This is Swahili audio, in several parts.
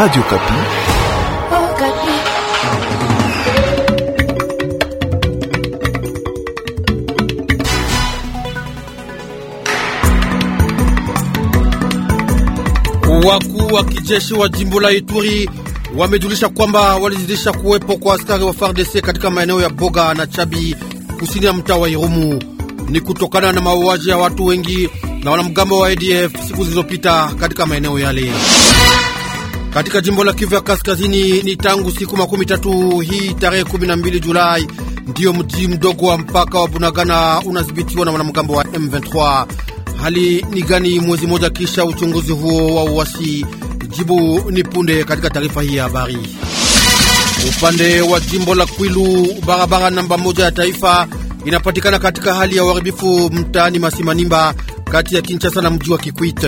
Radio Kapi. Oh, Kapi. Wakuu wa kijeshi wa jimbo la Ituri wamejulisha kwamba walizidisha kuwepo kwa askari wa FARDC katika maeneo ya Boga na Chabi kusini ya mtaa wa Irumu. Ni kutokana na mauaji ya watu wengi na wanamgambo wa ADF siku zilizopita katika maeneo yale katika jimbo la Kivu ya Kaskazini. Ni tangu siku makumi tatu hii tarehe 12 Julai ndiyo mji mdogo wa mpaka wa Bunagana unadhibitiwa na wanamgambo wa M23. Hali ni gani mwezi mmoja kisha uchunguzi huo wa uwasi Jibu ni punde katika taarifa hii ya habari. Upande wa jimbo la Kwilu, barabara namba moja ya taifa inapatikana katika hali ya uharibifu mtaani Masimanimba, kati ya Kinshasa na mji wa Kikwit.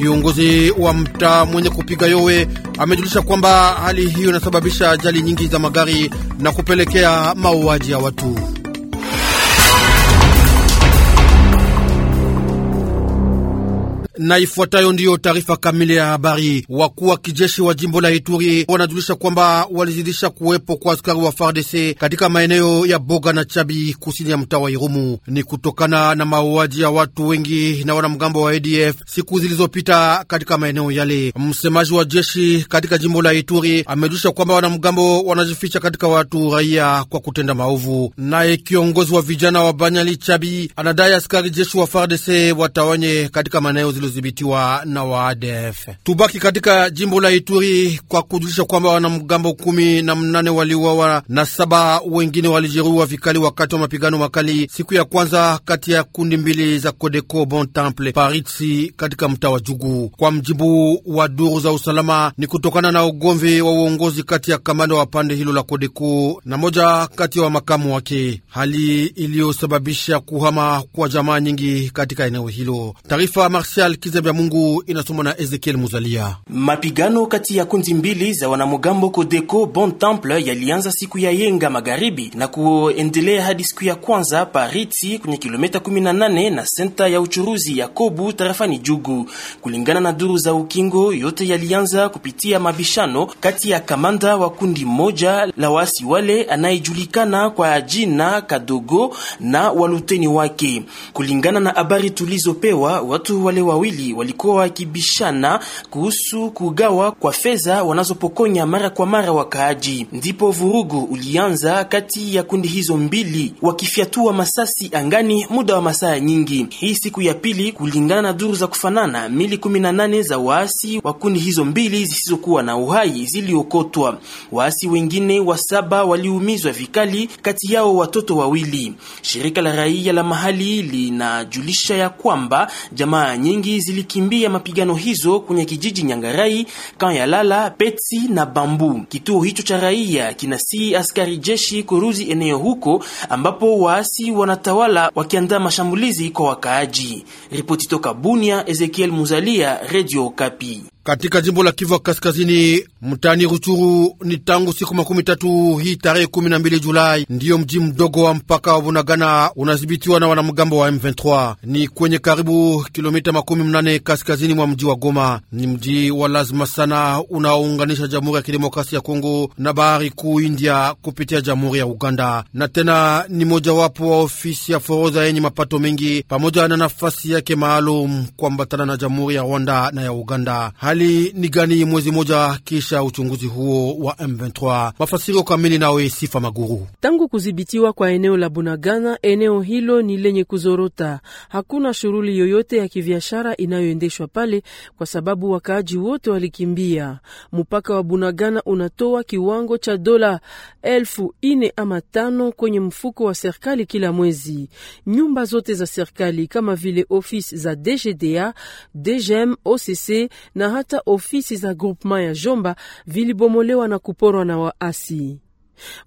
Kiongozi wa mtaa mwenye kupiga yowe amejulisha kwamba hali hiyo inasababisha ajali nyingi za magari na kupelekea mauaji ya watu. na ifuatayo ndiyo taarifa kamili ya habari. Wakuu wa kijeshi wa jimbo la Ituri wanajulisha kwamba walizidisha kuwepo kwa askari wa FARDC katika maeneo ya Boga na Chabi kusini ya mtaa wa Irumu. Ni kutokana na mauaji ya watu wengi na wanamgambo wa ADF siku zilizopita katika maeneo yale. Msemaji wa jeshi katika jimbo la Ituri amejulisha kwamba wanamgambo wanajificha katika watu raia kwa kutenda maovu. Naye kiongozi wa vijana wa Banyali Chabi anadai askari jeshi wa FARDC watawanye katika maeneo zilizodhibitiwa na waadf. Tubaki katika jimbo la Ituri kwa kujulisha kwamba wanamgambo kumi na mnane waliuawa na saba wengine walijeruhiwa vikali wakati wa mapigano makali siku ya kwanza kati ya kundi mbili za Codeco Bon Temple Paritsi katika mtaa wa Jugu. Kwa mjibu wa duru za usalama, ni kutokana na ugomvi wa uongozi kati ya kamanda wa pande hilo la Codeco na moja kati ya wa makamu wake, hali iliyosababisha kuhama kwa jamaa nyingi katika eneo hilo. Taarifa Marsial Sikiza vya Mungu inasomwa na Ezekiel Muzalia. Mapigano kati ya kundi mbili za wanamgambo Kodeko Bon Temple yalianza siku ya Yenga magharibi na kuendelea hadi siku ya kwanza Pariti kwenye kilomita 18 na senta ya uchuruzi ya Kobu tarafani Jugu. Kulingana na duru za ukingo, yote yalianza kupitia mabishano kati ya kamanda wa kundi moja la wasi wale anayejulikana kwa jina Kadogo na waluteni wake. Kulingana na habari tulizopewa, watu wale wawili wawili walikuwa wakibishana kuhusu kugawa kwa fedha wanazopokonya mara kwa mara wakaaji. Ndipo vurugu ulianza kati ya kundi hizo mbili, wakifyatua masasi angani muda wa masaa nyingi. Hii siku ya pili, kulingana na duru za kufanana, mili 18 za waasi wa kundi hizo mbili zisizokuwa na uhai ziliokotwa. Waasi wengine wa saba waliumizwa vikali, kati yao watoto wawili. Shirika la raia la mahali linajulisha ya kwamba jamaa nyingi zilikimbia mapigano hizo kwenye kijiji Nyangarai, kan ya Lala, Petsi na Bambu. Kituo hicho cha raia kinasii askari jeshi kuruzi eneo huko ambapo waasi wanatawala wakiandaa mashambulizi kwa wakaaji. Ripoti toka Bunia, Ezekiel Muzalia, Radio Kapi katika jimbo la Kivu Kaskazini, mtani Ruchuru. Ni tangu siku makumi tatu hii tarehe 12 Julai ndiyo mji mdogo wa mpaka wa Bunagana unadhibitiwa na wanamgambo wa M23. Ni kwenye karibu kilomita makumi mnane kaskazini mwa mji wa Goma. Ni mji wa lazima sana unaounganisha Jamhuri ya Kidemokrasia ya Kongo na bahari kuu India kupitia Jamhuri ya Uganda, na tena ni mojawapo wa ofisi ya forodha yenye mapato mengi pamoja na nafasi yake maalum kuambatana na Jamhuri ya Rwanda na ya Uganda. Hali ni gani mwezi moja kisha uchunguzi huo wa M23? Mafasirio kamili nawe Sifa Maguru. Tangu kudhibitiwa kwa eneo la Bunagana, eneo hilo ni lenye kuzorota. Hakuna shughuli yoyote ya kibiashara inayoendeshwa pale kwa sababu wakaaji wote walikimbia. Mpaka wa Bunagana unatoa kiwango cha dola elfu ine ama tano kwenye mfuko wa serikali kila mwezi. Nyumba zote za serikali kama vile ofisi za DGDA, DGM, OCC na hata ofisi za groupema ya Jomba vilibomolewa na kuporwa na waasi.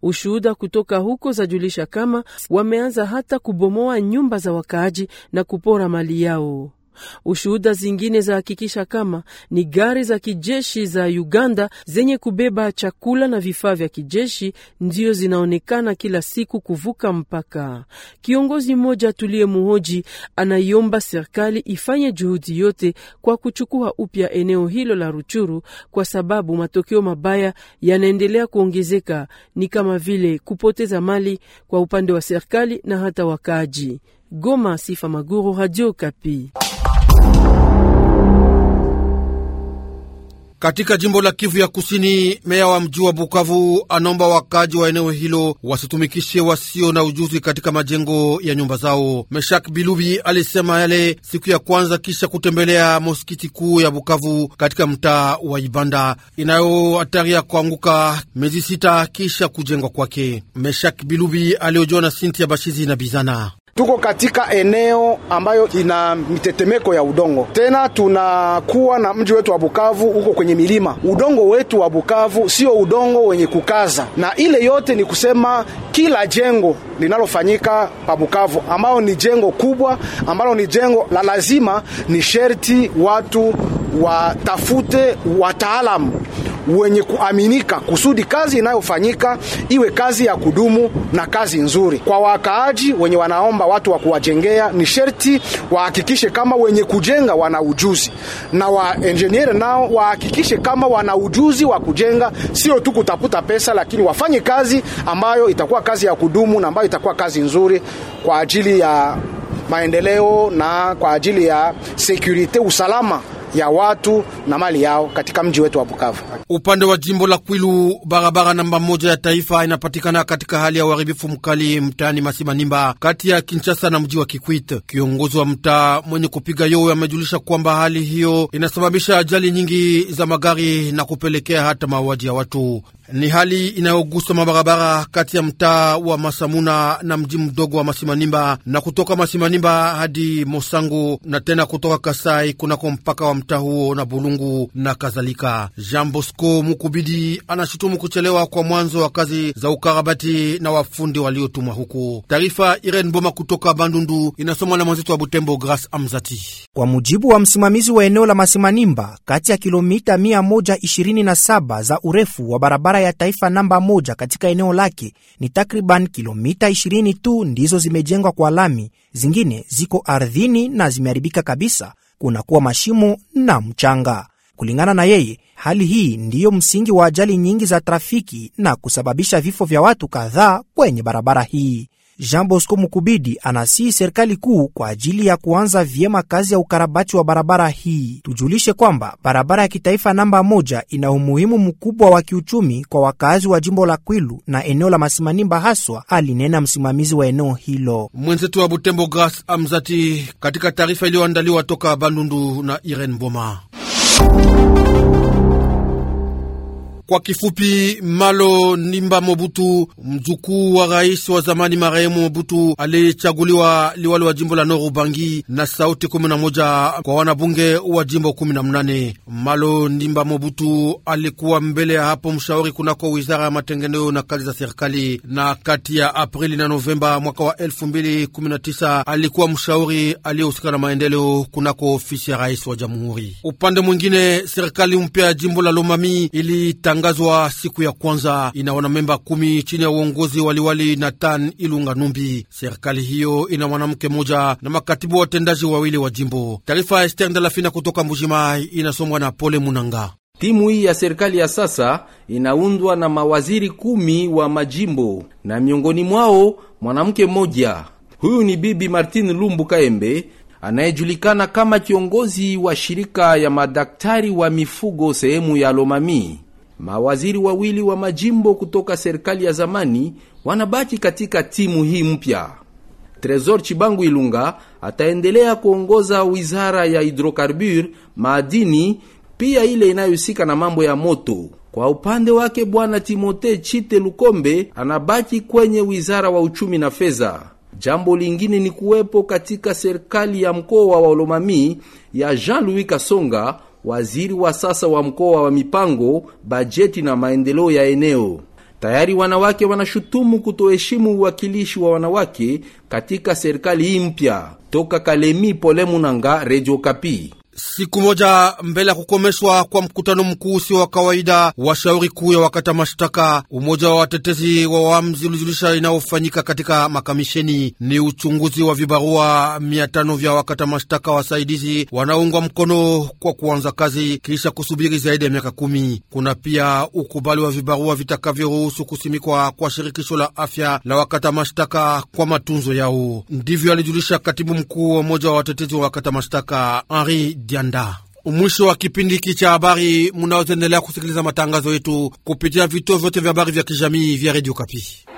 Ushuhuda kutoka huko zajulisha kama wameanza hata kubomoa nyumba za wakaaji na kupora mali yao. Ushuhuda zingine zahakikisha kama ni gari za kijeshi za Uganda zenye kubeba chakula na vifaa vya kijeshi ndiyo zinaonekana kila siku kuvuka mpaka. Kiongozi mmoja muhoji anaiomba serikali ifanye juhudi yote kwa kuchukua upya eneo hilo la Ruchuru, kwa sababu matokeo mabaya yanaendelea kuongezeka, ni kama vile kupoteza mali kwa upande wa serikali na hata wakaaji. Goma, Sifa Maguru, Radio Kapi. Katika jimbo la Kivu ya Kusini, meya wa mji wa Bukavu anaomba wakaji wa eneo hilo wasitumikishe wasio na ujuzi katika majengo ya nyumba zao. Meshak Bilubi alisema yale siku ya kwanza kisha kutembelea mosikiti kuu ya Bukavu katika mtaa wa Ibanda inayo hatari ya kuanguka miezi sita kisha kujengwa kwake. Meshak Bilubi aliojiwa na Sinti ya Bashizi na Bizana. Tuko katika eneo ambayo ina mitetemeko ya udongo, tena tunakuwa na mji wetu wa Bukavu huko kwenye milima. Udongo wetu wa Bukavu sio udongo wenye kukaza, na ile yote ni kusema kila jengo linalofanyika pa Bukavu ambalo ni jengo kubwa, ambalo ni jengo la lazima, ni sherti watu watafute wataalamu wenye kuaminika kusudi kazi inayofanyika iwe kazi ya kudumu na kazi nzuri. Kwa wakaaji wenye wanaomba watu wa kuwajengea, ni sherti wahakikishe kama wenye kujenga wana ujuzi, na waenjeniere nao wahakikishe kama wana ujuzi wa kujenga, sio tu kutafuta pesa, lakini wafanye kazi ambayo itakuwa kazi ya kudumu na ambayo itakuwa kazi nzuri kwa ajili ya maendeleo na kwa ajili ya sekurite, usalama ya watu na mali yao katika mji wetu wa Bukavu. Upande wa jimbo la Kwilu, barabara namba moja ya taifa inapatikana katika hali ya uharibifu mkali mtaani Masimanimba, kati ya Kinshasa na mji wa Kikwit. Kiongozi wa mtaa mwenye kupiga yowe amejulisha kwamba hali hiyo inasababisha ajali nyingi za magari na kupelekea hata mauaji ya watu. Ni hali inayogusa mabarabara kati ya mtaa wa Masamuna na mji mdogo wa Masimanimba na kutoka Masimanimba hadi Mosangu na tena kutoka Kasai kunako mpaka wa mtaa huo na Bulungu na kadhalika. Jean Bosco Mukubidi anashutumu kuchelewa kwa mwanzo wa kazi za ukarabati na wafundi waliotumwa huku Taarifa Irene Boma kutoka Bandundu inasomwa na mwenzetu wa Butembo Grace Amzati. Kwa mujibu wa msimamizi wa eneo la Masimanimba, kati ya kilomita 127 za urefu wa barabara ya taifa namba moja katika eneo lake ni takriban kilomita 20 tu ndizo zimejengwa kwa lami, zingine ziko ardhini na zimeharibika kabisa, kunakuwa mashimo na mchanga. Kulingana na yeye, hali hii ndiyo msingi wa ajali nyingi za trafiki na kusababisha vifo vya watu kadhaa kwenye barabara hii. Jean Bosco Mukubidi anasihi serikali kuu kwa ajili ya kuanza vyema kazi ya ukarabati wa barabara hii. Tujulishe kwamba barabara ya kitaifa namba moja ina umuhimu mkubwa wa kiuchumi kwa wakazi wa jimbo la Kwilu na eneo la Masimanimba haswa, alinena msimamizi wa eneo hilo mwenzetu wa Butembo gras Amzati katika taarifa iliyoandaliwa toka Bandundu na Irene Boma. Kwa kifupi, Malo Ndimba Mobutu, mjukuu wa rais wa zamani marehemu Mobutu, alichaguliwa liwali wa jimbo la Noru Bangi na sauti 11 kwa wanabunge wa jimbo 18. Malo Ndimba Mobutu alikuwa mbele ya hapo mshauri kunako wizara ya matengenezo na kazi za serikali, na kati ya Aprili na Novemba mwaka wa 2019 alikuwa mshauri aliyehusika na maendeleo kunako ofisi ya rais wa jamhuri. Upande mwingine, serikali mpya ya jimbo la Lomami ilita ilitangazwa siku ya kwanza ina wanamemba kumi chini ya uongozi waliwali Nathan Ilunga Numbi. Serikali hiyo ina mwanamke moja na makatibu watendaji wawili wa jimbo. Taarifa ya Ester Ndalafina kutoka Mbujimai inasomwa na Pole Munanga. Timu hii ya serikali ya sasa inaundwa na mawaziri kumi wa majimbo na miongoni mwao mwanamke mmoja. Huyu ni Bibi Martin Lumbu Kaembe anayejulikana kama kiongozi wa shirika ya madaktari wa mifugo sehemu ya Lomami. Mawaziri wawili wa majimbo kutoka serikali ya zamani wanabaki katika timu hii mpya. Tresor Chibangu Ilunga ataendelea kuongoza wizara ya hidrokarbur, maadini, pia ile inayohusika na mambo ya moto. Kwa upande wake, bwana Timote Chite Lukombe anabaki kwenye wizara wa uchumi na fedha. Jambo lingine ni kuwepo katika serikali ya mkoa wa Olomami ya Jean Louis Kasonga waziri wa sasa wa mkoa wa mipango, bajeti na maendeleo ya eneo. Tayari wanawake wanashutumu kutoheshimu uwakilishi wa wanawake katika serikali hii mpya. Toka Kalemi, Pole Munanga, Radio Kapi. Siku moja mbele ya kukomeshwa kwa mkutano mkuu usio wa kawaida wa shauri kuu ya wakata mashtaka, umoja wa watetezi wa wamzi ulijulisha inayofanyika katika makamisheni ni uchunguzi wa vibarua mia tano vya wakata mashtaka wasaidizi wanaungwa mkono kwa kuanza kazi kisha kusubiri zaidi ya miaka kumi. Kuna pia ukubali wa vibarua vitakavyoruhusu kusimikwa kwa shirikisho la afya la wakata mashtaka kwa matunzo yao. Ndivyo alijulisha katibu mkuu wa umoja wa watetezi wa wakata mashtaka Henri Dianda. Mwisho wa kipindi hiki cha habari, munaweza endelea kusikiliza matangazo yetu kupitia vituo vyote vya habari vya kijamii vya redio Kapi.